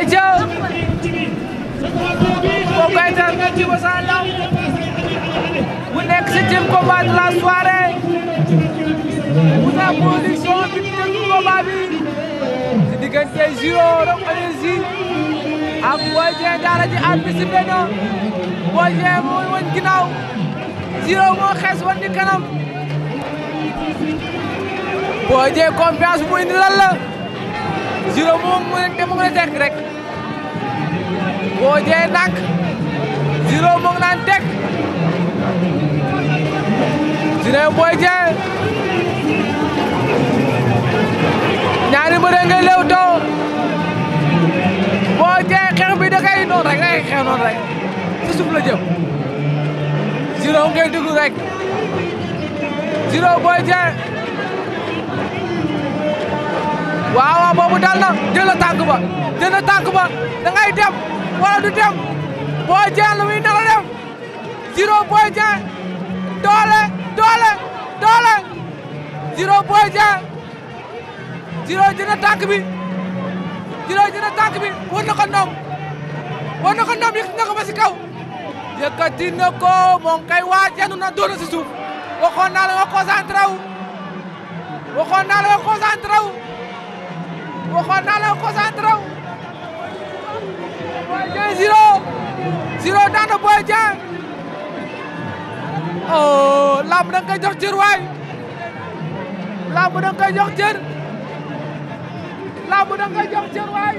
ayca mbokk yi teel nga ci Wassare nekk septième combat de la soirée Moussa Production bi mu nekk combat bi ci diggante Ziro Rock Énergie ak Boy Dieng daara ji anticipé na Boy Dieng moo woon ginnaaw Ziro moo xees woon di kanam Boy Dieng confiance bu indi lan la Ziro moom mu mu mën a rek. boo jee nak Ziro mu ngi naan teg ñaari mbëre nga lew too boo jee xeex bi da kay rek da kay rek ci suuf la jëm Ziro rek Ziro boo waaw boobu dal na jël na tànk ba jël dem wala dem Boy Dieng lu muy naka dem Ziro Boy doole doole doole Ziro Boy Dieng Ziro jël na tànk bi Ziro jël na ko ndoom war ko ndoom yëkkati ko ba si kaw yëkkati na ko kay waa jënd na doon na si suuf waxoon naa la nga concentré wu waxoon naa la nga concentré wu waxoon naa la concentré wu. Boy Dieng Ziro Ziro daan na Boy Dieng. oh làmb da nga koy cër waay làmb da nga koy cër làmb da nga koy cër waay.